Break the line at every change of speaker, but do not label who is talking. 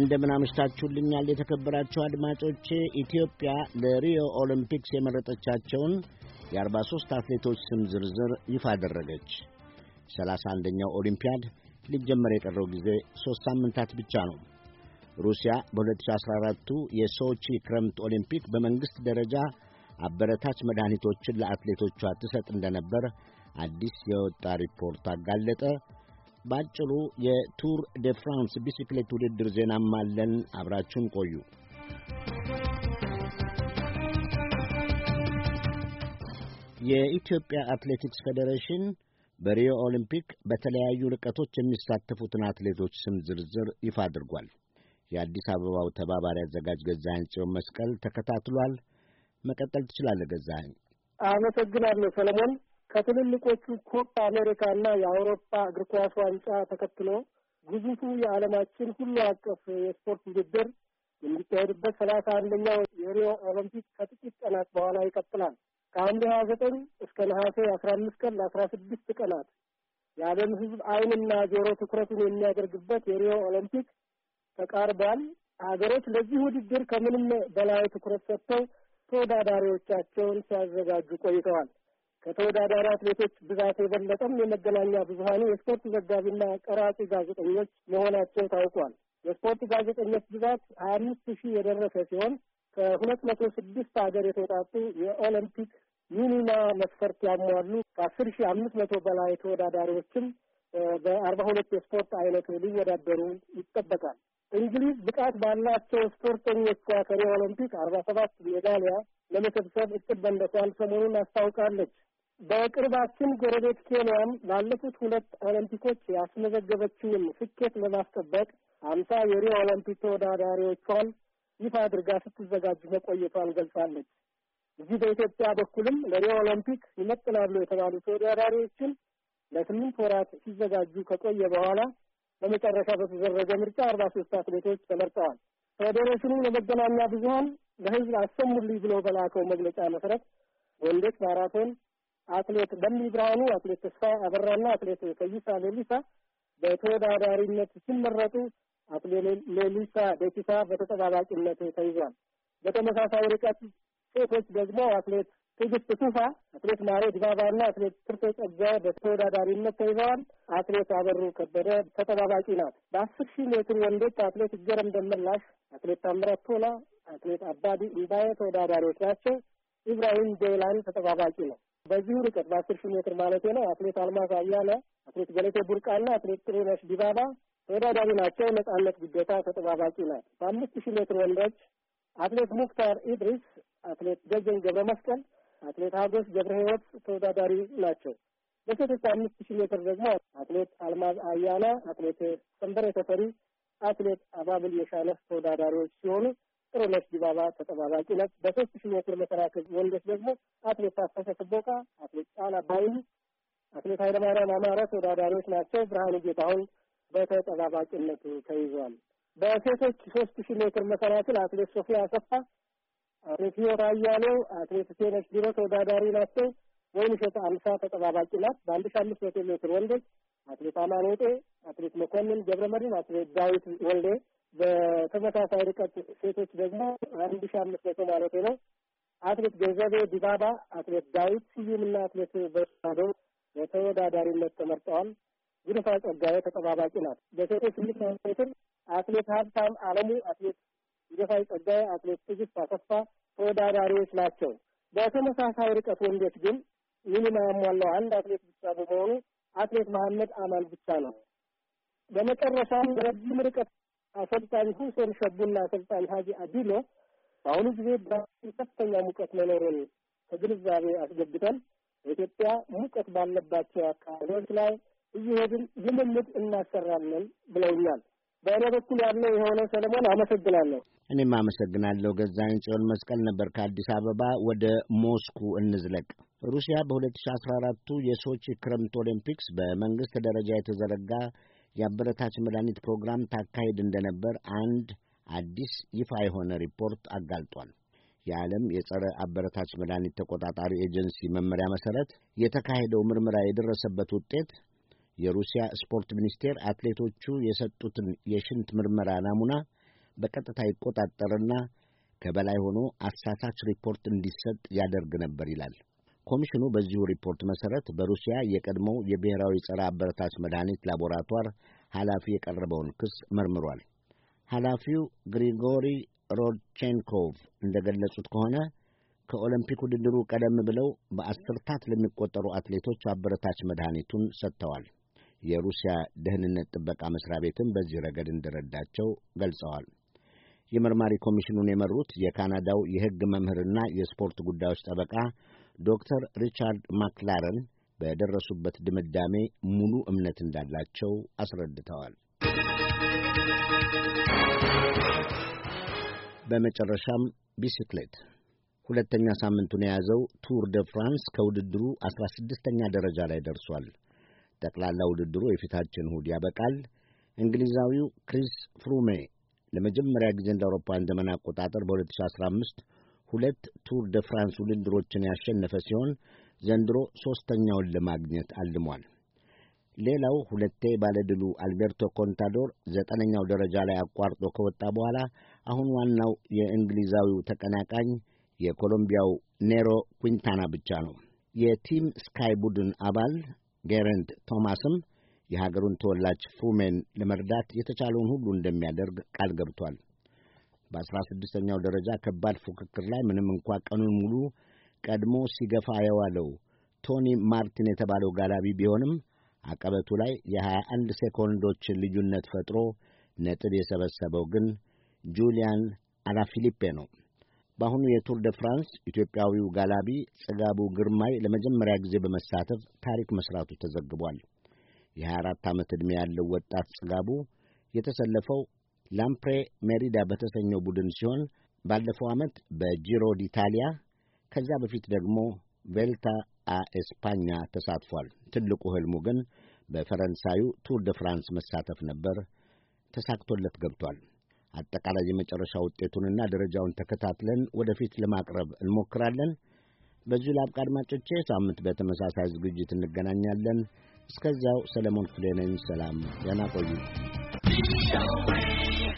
እንደምን አምሽታችሁልኛል የተከበራችሁ አድማጮቼ። ኢትዮጵያ ለሪዮ ኦሎምፒክስ የመረጠቻቸውን የ43 አትሌቶች ስም ዝርዝር ይፋ አደረገች። 31ኛው ኦሊምፒያድ ሊጀመር የቀረው ጊዜ ሦስት ሳምንታት ብቻ ነው። ሩሲያ በ2014ቱ የሶቺ ክረምት ኦሊምፒክ በመንግሥት ደረጃ አበረታች መድኃኒቶችን ለአትሌቶቿ ትሰጥ እንደነበር አዲስ የወጣ ሪፖርት አጋለጠ። ባጭሩ የቱር ደ ፍራንስ ቢስክሌት ውድድር ዜናም አለን። አብራችሁን ቆዩ። የኢትዮጵያ አትሌቲክስ ፌዴሬሽን በሪዮ ኦሊምፒክ በተለያዩ ርቀቶች የሚሳተፉትን አትሌቶች ስም ዝርዝር ይፋ አድርጓል። የአዲስ አበባው ተባባሪ አዘጋጅ ገዛኸኝ ጽዮን መስቀል ተከታትሏል። መቀጠል ትችላለህ ገዛኸኝ።
አመሰግናለሁ ሰለሞን። ከትልልቆቹ ኮፕ አሜሪካ እና የአውሮፓ እግር ኳስ ዋንጫ ተከትሎ ግዙፉ የዓለማችን ሁሉ አቀፍ የስፖርት ውድድር የሚካሄድበት ሰላሳ አንደኛው የሪዮ ኦሎምፒክ ከጥቂት ቀናት በኋላ ይቀጥላል። ከሐምሌ ሀያ ዘጠኝ እስከ ነሐሴ አስራ አምስት ቀን ለአስራ ስድስት ቀናት የዓለም ሕዝብ ዓይንና ጆሮ ትኩረቱን የሚያደርግበት የሪዮ ኦሎምፒክ ተቃርቧል። ሀገሮች ለዚህ ውድድር ከምንም በላይ ትኩረት ሰጥተው ተወዳዳሪዎቻቸውን ሲያዘጋጁ ቆይተዋል። ከተወዳዳሪ አትሌቶች ብዛት የበለጠም የመገናኛ ብዙሀኑ የስፖርት ዘጋቢና ቀራጺ ጋዜጠኞች መሆናቸው ታውቋል። የስፖርት ጋዜጠኞች ብዛት ሀያ አምስት ሺህ የደረሰ ሲሆን ከሁለት መቶ ስድስት ሀገር የተውጣጡ የኦሎምፒክ ሚኒማ መስፈርት ያሟሉ ከአስር ሺህ አምስት መቶ በላይ ተወዳዳሪዎችም በአርባ ሁለት የስፖርት አይነት ሊወዳደሩ ይጠበቃል። እንግሊዝ ብቃት ባላቸው ስፖርተኞቿ ከሪዮ ኦሎምፒክ አርባ ሰባት ሜዳሊያ ለመሰብሰብ እቅድ በንደቷን ሰሞኑን አስታውቃለች። በቅርባችን ጎረቤት ኬንያም ላለፉት ሁለት ኦሎምፒኮች ያስመዘገበችውን ስኬት ለማስጠበቅ አምሳ የሪዮ ኦሎምፒክ ተወዳዳሪዎቿን ይፋ አድርጋ ስትዘጋጅ መቆየቷን ገልጻለች። እዚህ በኢትዮጵያ በኩልም ለሪዮ ኦሎምፒክ ይመጥናሉ የተባሉ ተወዳዳሪዎችን ለስምንት ወራት ሲዘጋጁ ከቆየ በኋላ በመጨረሻ በተደረገ ምርጫ አርባ ሶስት አትሌቶች ተመርጠዋል። ፌዴሬሽኑ ለመገናኛ ብዙኃን ለህዝብ አሰሙልኝ ብሎ በላከው መግለጫ መሰረት ወንዶች ማራቶን አትሌት ለሚ ብርሃኑ፣ አትሌት ተስፋ አበራና አትሌት ከይሳ ሌሊሳ በተወዳዳሪነት ሲመረጡ አትሌት ሌሊሳ ደሲሳ በተጠባባቂነት ተይዟል። በተመሳሳይ ርቀት ሴቶች ደግሞ አትሌት ትዕግስት ቱፋ፣ አትሌት ማሬ ዲባባና አትሌት ትርፌ ጸጋ በተወዳዳሪነት ተይዘዋል። አትሌት አበሩ ከበደ ተጠባባቂ ናት። በአስር ሺህ ሜትር ወንዶች አትሌት ገረም ደመላሽ፣ አትሌት ታምራት ቶላ፣ አትሌት አባዲ እምባዬ ተወዳዳሪዎች ናቸው። ኢብራሂም ጀላን ተጠባባቂ ነው። በዚሁ ርቀት በአስር ሺህ ሜትር ማለት ነው። አትሌት አልማዝ አያለ፣ አትሌት ገለቴ ቡርቃና አትሌት ጥሩነሽ ዲባባ ተወዳዳሪ ናቸው። ነጻነት ግዴታ ተጠባባቂ ናት። በአምስት ሺህ ሜትር ወንዶች አትሌት ሙክታር ኢድሪስ፣ አትሌት ደጀን ገብረ መስቀል አትሌት ሀጎስ ገብረ ህይወት ተወዳዳሪ ናቸው። በሴቶች አምስት ሺህ ሜትር ደግሞ አትሌት አልማዝ አያና፣ አትሌት ሰንበሬ ተፈሪ፣ አትሌት አባብል የሻለፍ ተወዳዳሪዎች ሲሆኑ ጥሩነሽ ዲባባ ተጠባባቂ ናት። በሶስት ሺህ ሜትር መሰናክል ወንዶች ደግሞ አትሌት ታፈሰ ስቦቃ፣ አትሌት ጫላ ባይሉ፣ አትሌት ኃይለማርያም አማረ ተወዳዳሪዎች ናቸው። ብርሃኑ ጌታሁን በተጠባባቂነት ተይዟል። በሴቶች ሶስት ሺህ ሜትር መሰናክል አትሌት ሶፊያ አሰፋ ቴዎት አያሌው አትሌት ቴነሽ ቢሮ ተወዳዳሪ ናቸው። ወይን እሸት አምሳ ተጠባባቂ ናት። በአንድ ሺ አምስት መቶ ሜትር ወንዶች አትሌት አማኔጤ፣ አትሌት መኮንን ገብረመድን፣ አትሌት ዳዊት ወልዴ በተመሳሳይ ርቀት ሴቶች ደግሞ አንድ ሺ አምስት መቶ ማለት ነው አትሌት ገንዘቤ ዲባባ፣ አትሌት ዳዊት ስዩም ስዩምና አትሌት በዶ በተወዳዳሪነት ተመርጠዋል። ጉድፋ ጸጋዬ ተጠባባቂ ናት። በሴቶች ስምንት ሜትር አትሌት ሀብታም አለሙ፣ አትሌት ይደፋይ ጸጋይ፣ አትሌት ትዕግስት አሰፋ ተወዳዳሪዎች ናቸው። በተመሳሳይ ርቀት ወንዶች ግን ይህንን ያሟላው አንድ አትሌት ብቻ በመሆኑ አትሌት መሐመድ አማል ብቻ ነው። በመጨረሻም ረጅም ርቀት አሰልጣኝ ሁሴን ሸቡና አሰልጣኝ ሀጂ አዲሎ በአሁኑ ጊዜ በራሱ ከፍተኛ ሙቀት መኖሩን ከግንዛቤ አስገብተን በኢትዮጵያ ሙቀት ባለባቸው አካባቢዎች ላይ እየሄድን ልምምድ እናሰራለን ብለውኛል። በእኔ በኩል ያለው የሆነ ሰለሞን አመሰግናለሁ።
እኔም አመሰግናለሁ። ገዛኝ ጽዮን መስቀል ነበር ከአዲስ አበባ። ወደ ሞስኩ እንዝለቅ። ሩሲያ በ2014ቱ የሶቺ ክረምት ኦሊምፒክስ በመንግሥት ደረጃ የተዘረጋ የአበረታች መድኃኒት ፕሮግራም ታካሄድ እንደነበር አንድ አዲስ ይፋ የሆነ ሪፖርት አጋልጧል። የዓለም የጸረ አበረታች መድኃኒት ተቆጣጣሪ ኤጀንሲ መመሪያ መሠረት የተካሄደው ምርመራ የደረሰበት ውጤት የሩሲያ ስፖርት ሚኒስቴር አትሌቶቹ የሰጡትን የሽንት ምርመራ ናሙና በቀጥታ ይቆጣጠርና ከበላይ ሆኖ አሳሳች ሪፖርት እንዲሰጥ ያደርግ ነበር ይላል። ኮሚሽኑ በዚሁ ሪፖርት መሠረት በሩሲያ የቀድሞው የብሔራዊ ጸረ አበረታች መድኃኒት ላቦራቷር ኃላፊ የቀረበውን ክስ መርምሯል። ኃላፊው ግሪጎሪ ሮድቼንኮቭ እንደ ገለጹት ከሆነ ከኦሎምፒክ ውድድሩ ቀደም ብለው በአስርታት ለሚቆጠሩ አትሌቶች አበረታች መድኃኒቱን ሰጥተዋል። የሩሲያ ደህንነት ጥበቃ መስሪያ ቤትም በዚህ ረገድ እንደረዳቸው ገልጸዋል። የመርማሪ ኮሚሽኑን የመሩት የካናዳው የሕግ መምህርና የስፖርት ጉዳዮች ጠበቃ ዶክተር ሪቻርድ ማክላረን በደረሱበት ድምዳሜ ሙሉ እምነት እንዳላቸው አስረድተዋል። በመጨረሻም ቢስክሌት ሁለተኛ ሳምንቱን የያዘው ቱር ደ ፍራንስ ከውድድሩ አስራ ስድስተኛ ደረጃ ላይ ደርሷል። ጠቅላላ ውድድሩ የፊታችን እሁድ ያበቃል። እንግሊዛዊው ክሪስ ፍሩሜ ለመጀመሪያ ጊዜ እንደ አውሮፓውያን ዘመን አቆጣጠር በ2015 ሁለት ቱር ደ ፍራንስ ውድድሮችን ያሸነፈ ሲሆን ዘንድሮ ሦስተኛውን ለማግኘት አልሟል። ሌላው ሁለቴ ባለድሉ አልቤርቶ ኮንታዶር ዘጠነኛው ደረጃ ላይ አቋርጦ ከወጣ በኋላ አሁን ዋናው የእንግሊዛዊው ተቀናቃኝ የኮሎምቢያው ኔሮ ኩንታና ብቻ ነው። የቲም ስካይ ቡድን አባል ጌረንት ቶማስም የሀገሩን ተወላጅ ፉሜን ለመርዳት የተቻለውን ሁሉ እንደሚያደርግ ቃል ገብቷል። በአስራ ስድስተኛው ደረጃ ከባድ ፉክክር ላይ ምንም እንኳ ቀኑን ሙሉ ቀድሞ ሲገፋ የዋለው ቶኒ ማርቲን የተባለው ጋላቢ ቢሆንም አቀበቱ ላይ የሀያ አንድ ሴኮንዶች ልዩነት ፈጥሮ ነጥብ የሰበሰበው ግን ጁሊያን አላፊሊፔ ነው። በአሁኑ የቱር ደ ፍራንስ ኢትዮጵያዊው ጋላቢ ጽጋቡ ግርማይ ለመጀመሪያ ጊዜ በመሳተፍ ታሪክ መስራቱ ተዘግቧል። የ24 ዓመት ዕድሜ ያለው ወጣት ጽጋቡ የተሰለፈው ላምፕሬ ሜሪዳ በተሰኘው ቡድን ሲሆን ባለፈው ዓመት በጂሮ ዲታሊያ ከዛ በፊት ደግሞ ቬልታ አኤስፓኛ ተሳትፏል። ትልቁ ህልሙ ግን በፈረንሳዩ ቱር ደ ፍራንስ መሳተፍ ነበር። ተሳክቶለት ገብቷል። አጠቃላይ የመጨረሻ ውጤቱንና ደረጃውን ተከታትለን ወደፊት ለማቅረብ እንሞክራለን። በዚሁ ላብቃ አድማጮቼ። ሳምንት በተመሳሳይ ዝግጅት እንገናኛለን። እስከዚያው ሰለሞን ክፍሌ ነኝ። ሰላም፣ ደህና ቆዩ።